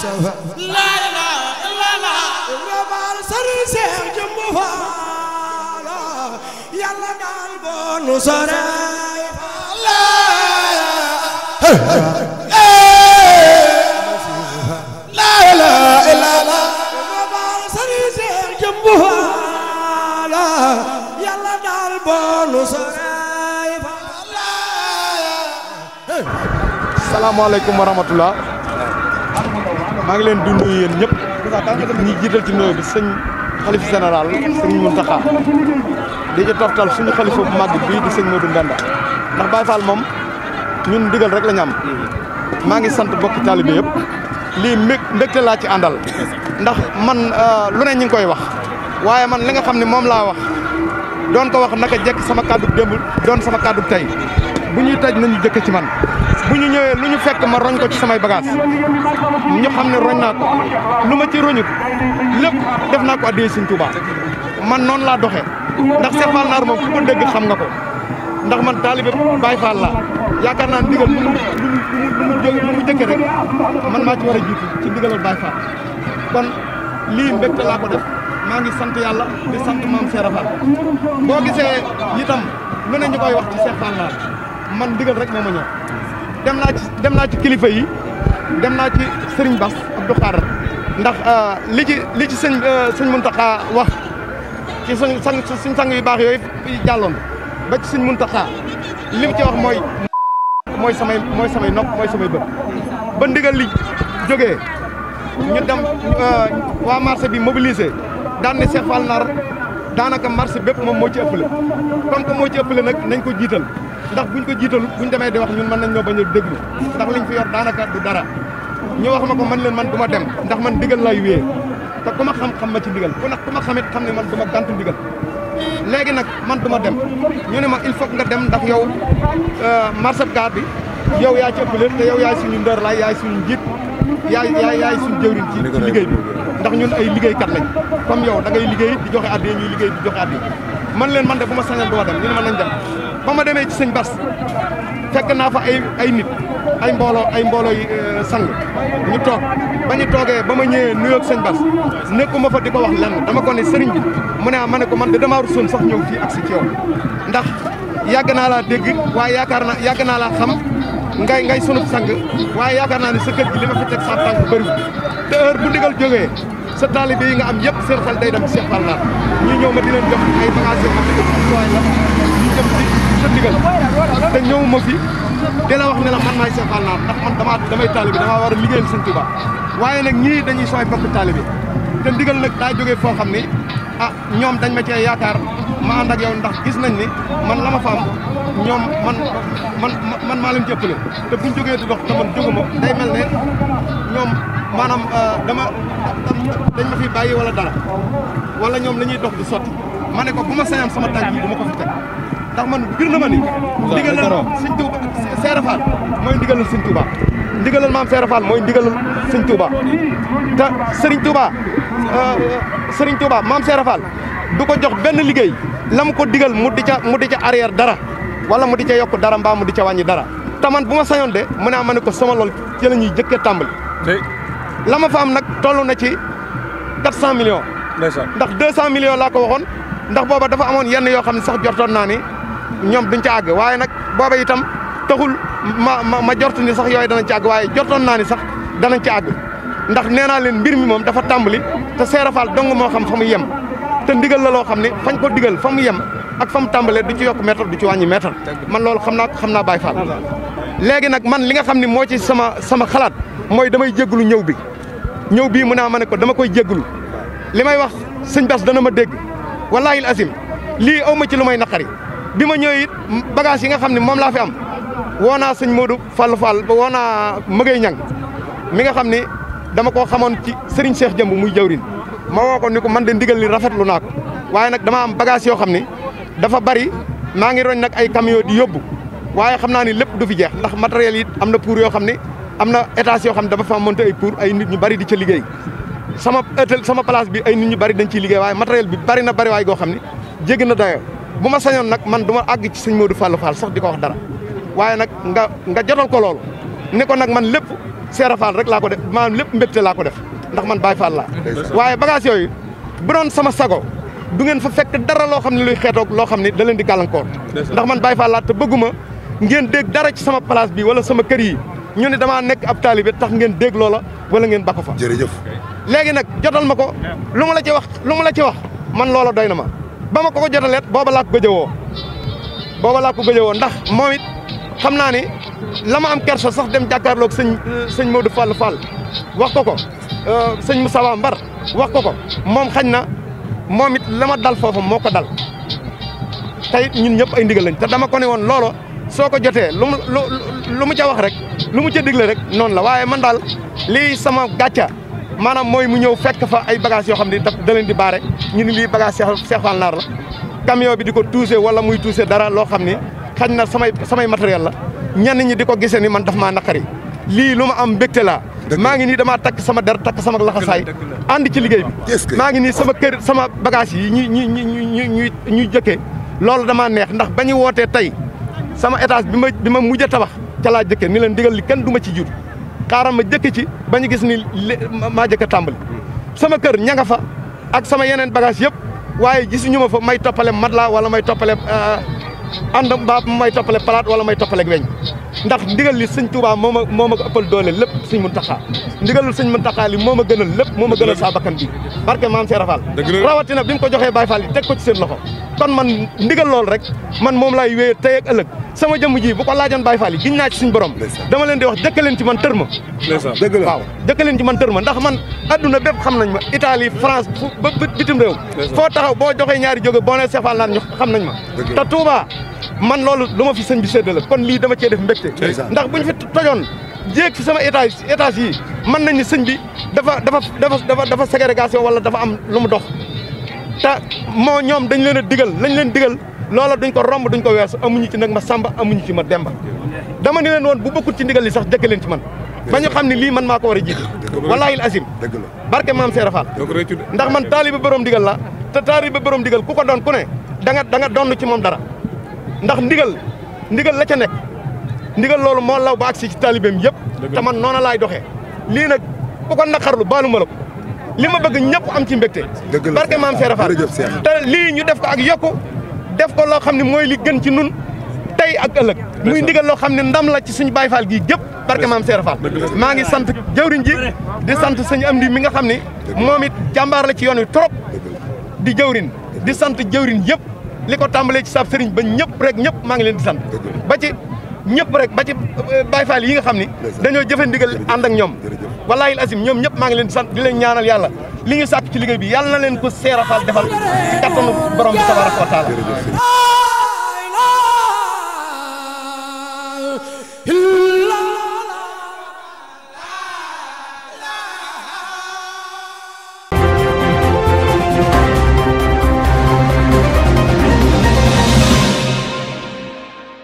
Mustafa la ilaha illallah rabal sëriñ Seex Jëmbu Faal yàlla daal boo nu sore la la ilaha illallah rabal sëriñ Seex Jëmbu Faal yàlla daal boo nu sore salaamaaleykum wa rahmatullah maa ngi leen di nuyu yéen ñëpp ñi jiital ci nuyu bi sëñ xalifa général sëñ Mountakha di ci toftal suñu xalifa bu màgg bii di sëñ Modou Mbenda ndax Baye Fall moom ñun ndigal rek la am maa ngi sant bokki taalibe yëpp lii mbégte laa ci àndal ndax man euh, lu ne ñu ngi koy wax waaye man li nga xam ne moom laa wax doon ko wax naka jekk sama kàddu démb doon sama kàddu tey bu ñuy taj nañu jëkk ci man bu ñu ñëwee lu ñu fekk ma roñ ko ci samay bagaas ñu xam ne roñ naa ko lu ma ci roñut lépp def naa ko addee Sëñ Tuuba man noonu laa doxee ndax Seex Fall Naar moom fu ko dégg xam nga ko ndax man taalibe Baay Fall laa yaakaar naa ndigal lu mu lu man maa ci war a jiitu ci ndigalal Baay Fall kon lii mbégte laa ko def maa ngi sant yàlla di sant maam Seera Fall boo gisee itam mën nañu koy wax ci Seex man ndigal rek moo ma ñor dem naa ci dem naa ci kilifa yi dem naa ci Serigne Bass Abdou ndax euh, li ci li ci sëñ euh, sëñ Mountakha wax ci suñ sang suñ sang yu baax yooyu jàlloon ba ci sëñ Mountakha li mu ci wax mooy mooy samay mooy samay nopp mooy samay bët ban ndigal li jógee ñu dem euh, waa marché bi mobilisé daan ne Cheikh Fall Nar daanaka marché bépp moom moo ci ëppale comme que moo nag nañ ko jiital ndax buñ ko jiitalu buñ demee di wax ñun mën nañ ñoo bañ a déglu ndax liñ fi yor daanaka du dara ñu wax ma ko man leen man du ma dem ndax man ndigal lay wéyee te ku ma xam-xam ma ci ndigal ku nag ku ma xamit xam ne man du ma gàntu ndigal léegi nag man du ma dem ñu ne ma il faut nga dem ndax yow euh, marché gaar bi yow yaa ci ëpp te yow yaay suñu ndër laay yaay suñu njiit yaay yaay yaay suñu jëwriñ ci ci liggéey bi ndax ñun ay liggéeykat lañ comme yow da ngay liggéey di joxe addiya ñuy liggéey di joxe leen man de bu ma sañal du ma dem ñu ne mën ba ma demee ci sëñ Bas fekk naa fa ay ay nit ay mbooloo ay mbooloo yi euh, sang ñu toog ba ñu toogee ba ma ñëwee nuyoog sëñ Bas nekkuma fa di ko wax lenn dama ko ne sëriñ bi mu ne ah ma ne ko man de damaa rusoon sax ñëw fii ak si ci yow ndax yàgg naa laa dégg waaye yaakaar naa yàgg naa laa xam ngay ngay sunub sang waaye yaakaar naa ne sa kër gi li ma fi teg sa tànk bëri te heure bu ndigal jóge sa taalibe yi nga am yëpp seen xel day dem ci Cheikh naa ñu ñëw ma di leen jox ay bagages yoo xam sa ndigal te ñëw ma fi de a wax ne la man maay Cheikh Fall Nar ndax man damaa damay taalibi damaa war a liggéeyal sëñ Tuubaa waaye nag ñii dañuy sooy bokk taalibi te ndigal nag daa jógee foo xam ni a ah, ñoom dañ ma cee yaakaar ma ànd ak yow ndax gis nañ ni man la ma fa am ñoom man ma man maa leen jëppale te buñ jógee di dox te man jóguma day mel ne ñoom maanaam euh, dama dañ ma fi bàyyi wala dara wala ñoom la ñuy dox di sotti ma ne ko bu ma sañoon sama tànk yi du ma ko fi teg ndax man bir na ma ni ndigalal sëñ Touba Seera Fall mooy ndigalal sëñ Touba ndigalal maam Seera Fall mooy ndigalal sëñ Touba te Serigne Touba euh, euh, Serigne Touba maam Seera Fall du ko jox benn liggéey la mu ko digal mu di ca mu di ca arrière dara wala mu di ca yokk dara mbaa mu di ca wàññi dara te man bu ma sañoon de mu ne ah, ma ne ko sama lool ci la ñuy jëkkee tàmbali la ma fa am nag toll na ci quatre cent millions ndax deux cent millions laa ko waxoon ndax booba dafa amoon yenn yoo xam ne sax jotoon naa ni ñoom duñ ca àgg waaye nag booba itam taxul ma ma ma jortu ni sax yooyu danañ ci àgg waaye jortoon naa ni sax danañ ci àgg ndax nee naa leen mbir mi moom dafa tàmbali te Seera Fall dong moo xam fa mu yem te ndigal la loo xam ne fañ ko digal fa mu yem ak fa mu tàmbalee du ci yokk meetar du ci wàññi meetar man loolu xam naa ko xam naa Baye Fall léegi nag man li nga xam ne moo ci sama sama xalaat mooy damay jégalu ñëw bi ñëw bii mu naa ma ne ko dama koy jégalu li may wax sëñ Bass dana ma dégg wallaahi azim lii aw ma ci lu may naqari bi ma ñëwee it bagage yi nga xam ne moom laa fi am woo naa sëñ Modou Fall Fall ba woo naa Mëgëy Ñang mi nga xam ne dama koo xamoon ci Serigne Cheikh Jëmb muy jawrin ma woo ko ni ko man de ndigal li rafetlu naa ko waaye nag dama am bagage yoo xam ne dafa bari maa ngi roñ nag ay camion di yóbbu waaye xam naa ni lépp du fi jeex ndax matériel yi am na pour yoo xam ne am na étage yoo xam ne dafa fa monté ay pour ay nit ñu bari di ca liggéey sama hôtel sama place bi ay nit ñu bari dañ ciy liggéey waaye matériel bi bari na bari waaye goo xam ne jéggi na dayoo bu ma sañoon nag man du ma àgg ci sëñ Modou Fallou Fall sax di ko wax dara waaye nag nga nga jotal ko loolu ne ko nag man lépp Seera Fall rek laa ko def maanaam lépp mbégte laa ko def ndax man Baye Fall laa waaye bagage yooyu bu sama sago du ngeen fa fekk dara loo xam ne luy xeetoog loo xam ne da leen di gàllankoor ndax man baay Fall laa te bëgguma ngeen dégg dara ci sama place bi wala sama kër yi ñu ne damaa nekk ab taalibe tax ngeen dégg loola wala ngeen bako fa jërëjëf léegi nag jotal ma ko lu la ci wax lu la ci wax man loola doy na ma ba ma ko ko jotaleet booba laa ko gëj a woo booba laa ko gëj a ndax moom it xam naa ni la ma am kerso sax dem jàkkaarloog sëñ sëñ Modou Fall Fall wax ko ko euh, sëñ Moussa Wa Mbar wax ko ko moom xañ na moom it la ma dal foofu moo ko dal tey ñun ñëpp ay ndigal lañ dama ko ne woon loolo soo ko jotee lu mu lu mu ca wax rek lu mu ca digle rek noonu la waaye man daal lii sama gàcca maanaam mooy mu ñëw fekk fa ay bagages yoo xam ne daf da leen di baare ñu ni lii bagage Cheikh Fall Nar la camion bi di ko touché wala muy touché dara loo xam ni xañ na samay samay matériel la ñenn ñi di ko gisee ni man daf maa naqari lii lu ma am mbégte laa maa ngi nii damaa takk sama der takk sama laxasaay ànd ci liggéey bi maa ngi nii sama kër sama bagage yi ñu ñu ñu ñu ñuy jëkkee loolu damaa neex ndax ba ñu wootee tey sama étage bi ma bi ma mujj a tabax ca laa leen digal li kenn du ma ci jur xaaral ma jëkk ci ba ñu gis ni maa jëkk a tàmbali sama kër ña nga fa ak sama yeneen bagage yëpp waaye gisuñu ma fa may toppale mat la wala may toppale euh, ànd mbaa may toppale palaat wala may toppale weñ ndax ndigal li sëñ Touba moo ma moo ma ko ëppal doole lépp sëñ Muntaxa ndigalul sëñ Muntaxa li moo ma gënal lépp moo ma gënal saa bakkan bi barke maam Seera Fall rawatina bi mu ko joxee Baye Fall yi teg ko ci seen loxo kon man ndigal loolu rek man moom laay wéyee tey ak ëllëg sama jëmm ji bu ko laajoon Baye Fall yi giñ naa ci suñu borom dama leen di wax jëkka leen ci man tër ma waaw leen ci man tër ma ndax man adduna bépp xam nañ ma Italie France ba bitim réew foo taxaw boo joxee ñaari jóge boo ne Seera Fall naan ñu xam nañ ma te man loolu lu ma fi sëñ bi séddale kon lii dama cee def mbégte ndax buñ fi tojoon jéeg fi sama étage étage yi mën nañ ni sëñ bi dafa dafa dafa dafa ségrégation wala dafa am lu mu dox te moo ñoom dañ leen a digal lañ leen digal loola duñ ko romb duñ ko weesu amuñu ci nag ma samba amuñu ci ma demba dama ni leen woon bu ci ndigal li sax jëkk leen ci man ba xam ni lii man maa ko war a jiite wallaahi al azim barke maam Seera Fall ndax man taaliba borom digal la te taaliba borom digal ku ko doon ku ne da nga da nga doon ci moom dara ndax ndigal ndigal la ca nekk ndigal loolu moo law ba si ci taalibeem yëpp te noona laay doxee lii nag bu ko naqarlu baalu ma la ko li ma bëgg ñëpp am ci mbégte barke maam Seera Faal te lii ñu def ko ak yokku def ko loo xam ne mooy li gën ci nun tey ak ëllëg muy ndigal loo xam ne ndam la ci suñu Baay Faal gi yëpp barke maam Seera Faal maa ngi sant jëwriñ ji di sant sëñ am di mi nga xam ne moom it jàmbaar la ci yoon wi trop di jëwriñ di sant jëwriñ yëpp li ko tàmbalee ci sab sëriñ ba ñëpp rek ñëpp maa ngi leen di sant ba ci ñëpp rek ba ci euh, Baay Faal yi nga xam ni dañoo jëfe ndigal ànd ak ñoom wallaahi asim ñoom ñëpp maa ngi leen di sant di leen ñaanal yàlla li ñu sàkk ci liggéey bi yàlla na leen ko seera faal defal ci kattanu borom bi tabaaraka wa taala